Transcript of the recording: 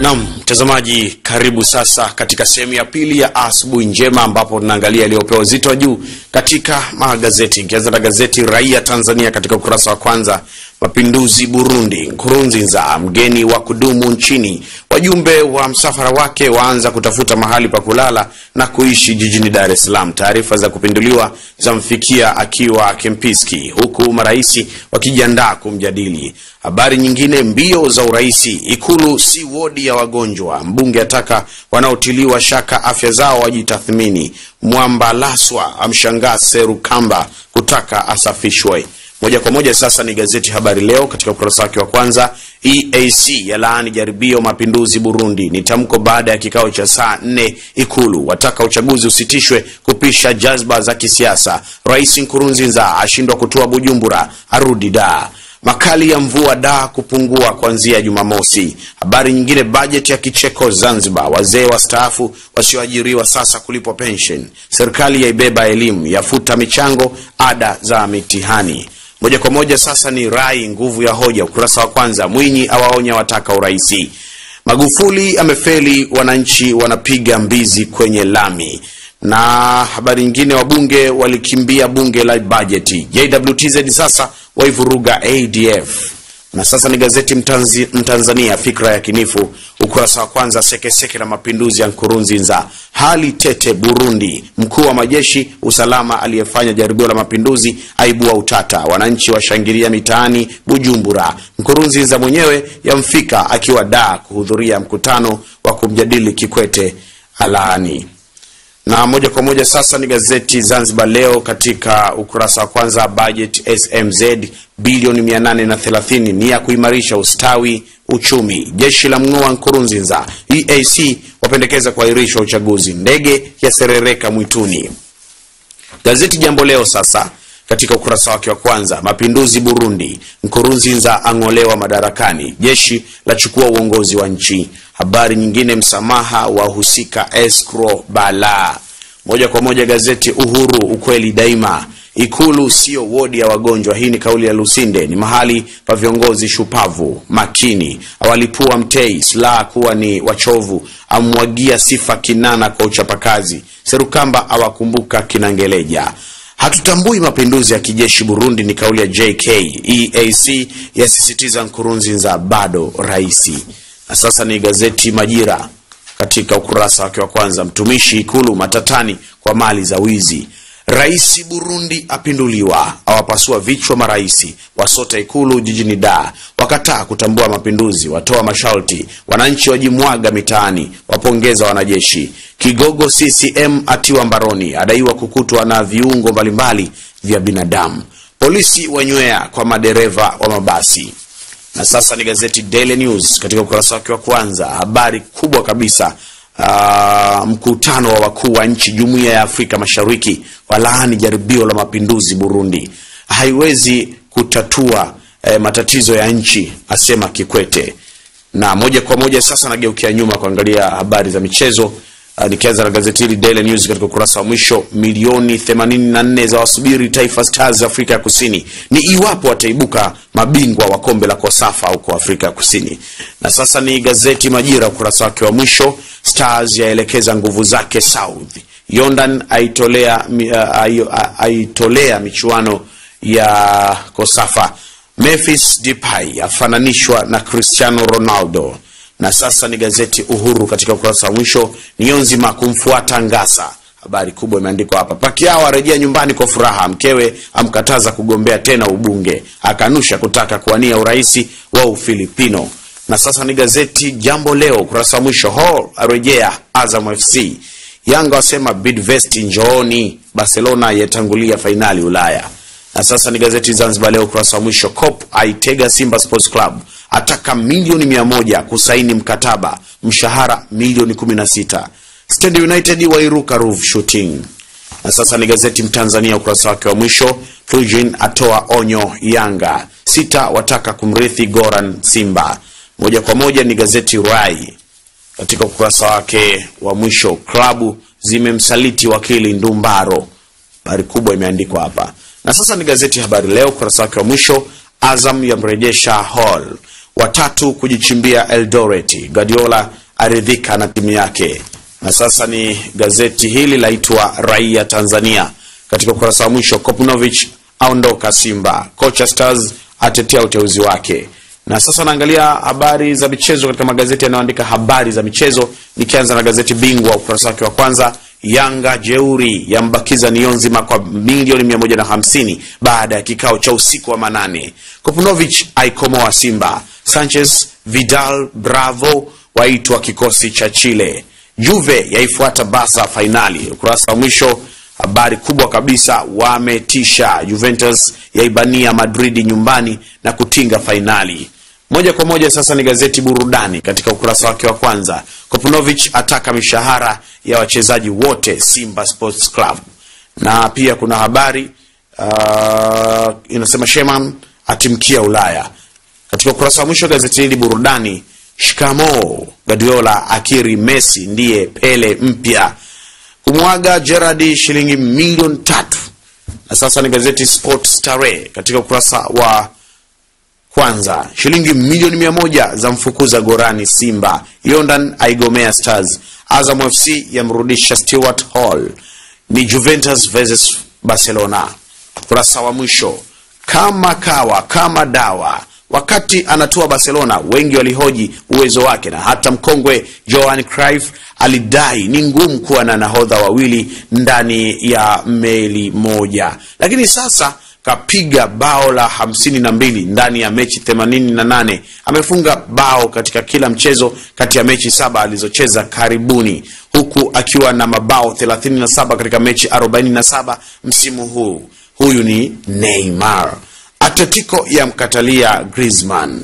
Naam, mtazamaji, karibu sasa katika sehemu ya pili ya asubuhi njema, ambapo tunaangalia yaliyopewa uzito wa juu katika magazeti, ikianza na gazeti Raia Tanzania katika ukurasa wa kwanza mapinduzi Burundi, Nkurunziza mgeni wa kudumu nchini. Wajumbe wa msafara wake waanza kutafuta mahali pa kulala na kuishi jijini Dar es Salaam. Taarifa za kupinduliwa zamfikia akiwa Kempiski, huku maraisi wakijiandaa kumjadili. Habari nyingine, mbio za urahisi Ikulu si wodi ya wagonjwa. Mbunge ataka wanaotiliwa shaka afya zao wajitathmini. Mwamba Laswa amshangaa Serukamba kutaka asafishwe. Moja kwa moja sasa ni gazeti Habari Leo katika ukurasa wake wa kwanza. EAC yalaani jaribio mapinduzi Burundi, ni tamko baada ya kikao cha saa nne Ikulu. Wataka uchaguzi usitishwe kupisha jazba za kisiasa. Rais Nkurunziza ashindwa kutoa Bujumbura, arudi da makali ya mvua da kupungua kuanzia Jumamosi. Habari nyingine, bajeti ya kicheko Zanzibar, wazee wastaafu wasioajiriwa sasa kulipwa pension Serikali yaibeba elimu, yafuta michango ada za mitihani. Moja kwa moja sasa ni Rai Nguvu ya Hoja, ukurasa wa kwanza. Mwinyi awaonya wataka uraisi. Magufuli amefeli, wananchi wanapiga mbizi kwenye lami. Na habari nyingine, wabunge walikimbia bunge la bajeti. JWTZ sasa waivuruga ADF. Na sasa ni gazeti mtanzi, Mtanzania fikra ya kinifu ukurasa wa kwanza. Sekeseke la mapinduzi ya Nkurunziza, hali tete Burundi. Mkuu wa majeshi usalama aliyefanya jaribio la mapinduzi aibua utata. Wananchi washangilia mitaani Bujumbura. Nkurunziza mwenyewe yamfika akiwa daa kuhudhuria mkutano wa kumjadili Kikwete alaani na moja kwa moja sasa ni gazeti Zanzibar Leo katika ukurasa wa kwanza, budget SMZ bilioni 830 ni ya kuimarisha ustawi uchumi. Jeshi la mng'oa nkurunzinza EAC wapendekeza kuahirishwa uchaguzi. Ndege yaserereka mwituni. Gazeti Jambo Leo sasa katika ukurasa wake wa kwanza, mapinduzi Burundi, nkurunzinza ang'olewa madarakani, jeshi la chukua uongozi wa nchi Habari nyingine, msamaha wahusika escrow bala Moja kwa moja gazeti Uhuru, ukweli daima. Ikulu sio wodi ya wagonjwa. Hii ni kauli ya Lusinde. Ni mahali pa viongozi shupavu makini. Awalipua Mtei silaha kuwa ni wachovu, amwagia sifa Kinana kwa uchapakazi. Serukamba awakumbuka Kinangeleja. Hatutambui mapinduzi ya kijeshi Burundi ni kauli ya JK. EAC yasisitiza Nkurunziza bado raisi. Sasa ni gazeti Majira katika ukurasa wake wa kwanza, mtumishi Ikulu matatani kwa mali za wizi. Rais Burundi apinduliwa, awapasua vichwa maraisi, wasota Ikulu jijini Dar, wakataa kutambua mapinduzi, watoa masharti, wananchi wajimwaga mitaani, wapongeza wanajeshi. Kigogo CCM atiwa mbaroni, adaiwa kukutwa na viungo mbalimbali vya binadamu. Polisi wanywea kwa madereva wa mabasi na sasa ni gazeti Daily News katika ukurasa wake wa kwanza, habari kubwa kabisa Uh, mkutano wa wakuu wa nchi jumuiya ya Afrika Mashariki walaani jaribio la mapinduzi Burundi, haiwezi kutatua eh, matatizo ya nchi asema Kikwete. Na moja kwa moja sasa nageukia nyuma kuangalia habari za michezo. Ah, nikianza na gazeti hili Daily News katika ukurasa wa mwisho, milioni 84 za wasubiri Taifa Stars Afrika ya Kusini ni iwapo wataibuka mabingwa wa kombe la Kosafa huko Afrika ya Kusini. Na sasa ni gazeti Majira, ukurasa wake wa mwisho, Stars yaelekeza nguvu zake South, yondan aitolea, uh, aitolea michuano ya Kosafa, Memphis Depay afananishwa na Cristiano Ronaldo na sasa ni gazeti Uhuru katika ukurasa wa mwisho, nionzima kumfuata Ngasa habari kubwa imeandikwa hapa. Pakiao arejea nyumbani kwa furaha, mkewe amkataza kugombea tena ubunge, akanusha kutaka kuwania urais wa Ufilipino. Na sasa ni gazeti Jambo Leo ukurasa wa mwisho, Hall arejea Azam FC, Yanga wasema Bidvest njooni, Barcelona yatangulia fainali Ulaya na Sasa ni gazeti Zanzibar Leo ukurasa wa mwisho. COP aitega Simba Sports Club, ataka milioni mia moja kusaini mkataba, mshahara milioni sita. Stand United wairuka roof shooting. Na sasa ni gazeti Mtanzania ukurasa wake wa mwisho. Plujin atoa onyo Yanga, sita wataka kumrithi Goran Simba. Moja kwa moja ni gazeti Rai katika ukurasa wake wa mwisho, klabu zimemsaliti wakili Ndumbaro, habari kubwa imeandikwa hapa. Na sasa ni gazeti Habari Leo, ukurasa wake wa mwisho. Azam yamrejesha Hall, watatu kujichimbia Eldoret, Guardiola aridhika na timu yake. Na sasa ni gazeti hili laitwa Raia Tanzania, katika ukurasa wa mwisho, Kopnovich aondoka Simba, cochesters Stars atetea uteuzi wake na sasa naangalia habari za michezo katika magazeti yanayoandika habari za michezo, nikianza na gazeti Bingwa ukurasa wake wa kwanza. Yanga jeuri yambakiza nzima kwa milioni 150 baada ya kikao cha usiku wa manane. Kopnovich aikomoa Simba. Sanchez, Vidal, Bravo waitwa kikosi cha Chile. Juve yaifuata basa fainali. Ukurasa wa mwisho habari kubwa kabisa, wametisha. Juventus yaibania Madridi nyumbani na kutinga fainali. Moja kwa moja sasa ni gazeti Burudani katika ukurasa wake wa kwanza. Kopnovich ataka mishahara ya wachezaji wote Simba Sports Club, na pia kuna habari uh, inasema Sheman atimkia Ulaya. Katika ukurasa wa mwisho wa gazeti hili Burudani, shikamo Guardiola akiri Messi ndiye Pele mpya, kumwaga Gerard shilingi milioni tatu. Na sasa ni gazeti sport Starehe katika ukurasa wa kwanza, shilingi milioni mia moja za mfukuza gorani Simba. yondan aigomea Stars. Azam FC yamrudisha Stewart Hall. Ni Juventus versus Barcelona. Kurasa wa mwisho kama kawa kama dawa. Wakati anatua Barcelona, wengi walihoji uwezo wake na hata mkongwe Johan Cruyff alidai ni ngumu kuwa na nahodha wawili ndani ya meli moja, lakini sasa kapiga bao la hamsini na mbili ndani ya mechi themanini na nane. Amefunga bao katika kila mchezo kati ya mechi saba alizocheza karibuni, huku akiwa na mabao 37 katika mechi 47 msimu huu. Huyu ni Neymar. Atletico mkatalia grisman